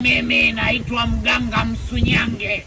Mimi naitwa Mganga Msunyange.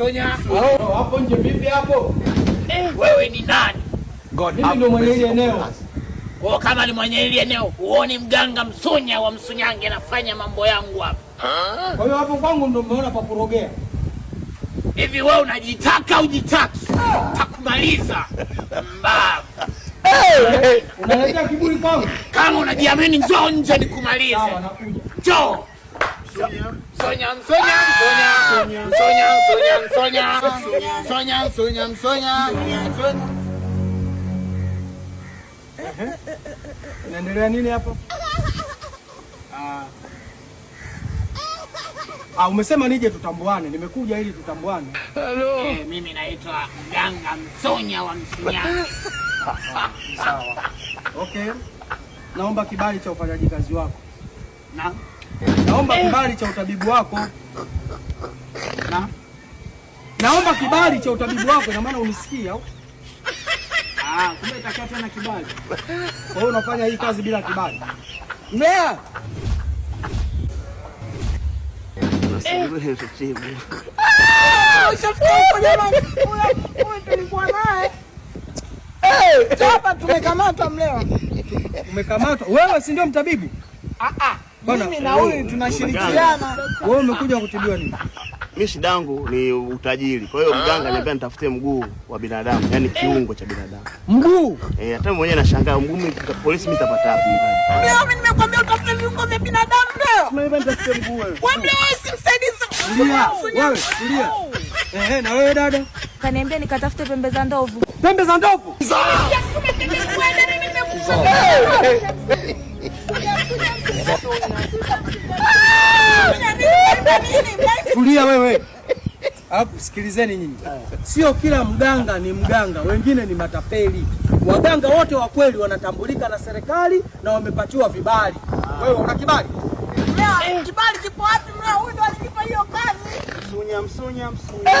Sonya, hapo nje vipi hapo? Eh, wewe ni nani? God, mimi ndio mwenye ile eneo. Kwa oh, kama ni mwenye ile eneo, huoni mganga Msonya wa Msunyange anafanya mambo yangu hapa. Kwa hiyo hapo kwangu ndio umeona pa kurogea. Hivi wewe unajitaka ujitaki? Takumaliza. Mbavu. Unaleta kiburi kwangu. Kama unajiamini njoo nje nikumalize. Njoo. Naendelea nini hapo? Ah, umesema nije tutambuane. Nimekuja ili tutambuane. Hello. Eh, mimi naitwa Mganga Msonya wa Msunya. Sawa. Okay. Naomba kibali cha ufanyaji kazi wako. Naam. Naomba kibali cha utabibu wako na, naomba kibali cha utabibu wako. na maana unisikia au? Ah, kumbe itakuwa tena kibali. Kwa hiyo unafanya hii kazi bila kibali. Mea. Hapa tumekamata mlewa. Umekamatwa wewe, si ndio mtabibu? Ah ah, mimi na wewe tunashirikiana. Wewe umekuja kutibiwa nini? Mimi shida yangu ni utajiri. Kwa hiyo mganga ah. ananiambia nitafute mguu wa binadamu, yani eh. kiungo cha binadamu. Mguu? Eh, hata mwenyewe nashangaa mguu mimi kwa polisi mimi nitapata wapi? Mimi nimekwambia utafute viungo vya binadamu leo. Mimi nitafutie mguu wewe. Wewe simsaidizi. Ndio. Wewe, ndio. Eh, na wewe dada? Kaniambia nikatafute pembe za ndovu. Pembe za ndovu? Za. Kulia wewe. Alafu sikilizeni nyinyi, sio kila mganga ni mganga, wengine ni matapeli. Waganga wote wa kweli wanatambulika na serikali na wamepatiwa vibali. Wewe una kibali? Kibali kipo wapi? Huyu ndo alikipa hiyo kazi. Msunya, msunya, msunya.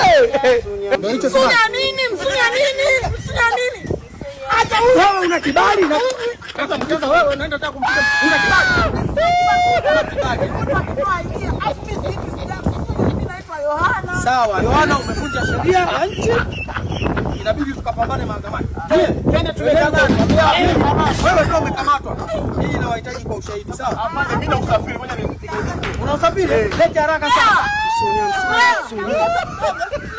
Msunya nini? Msunya nini? Msunya nini? Acha huyu una kibali na sasa mcheza wewe, unaenda hata kumpiga, una kibali sawa? Yohana, umevunja sheria ya nchi, inabidi tukapambane mahakamani. Twende tuwe kadhani, wewe ndio umekamatwa. Hii inawahitaji kwa ushahidi, sawa? Mimi na usafiri, moja ni una usafiri, eh. leti haraka sana.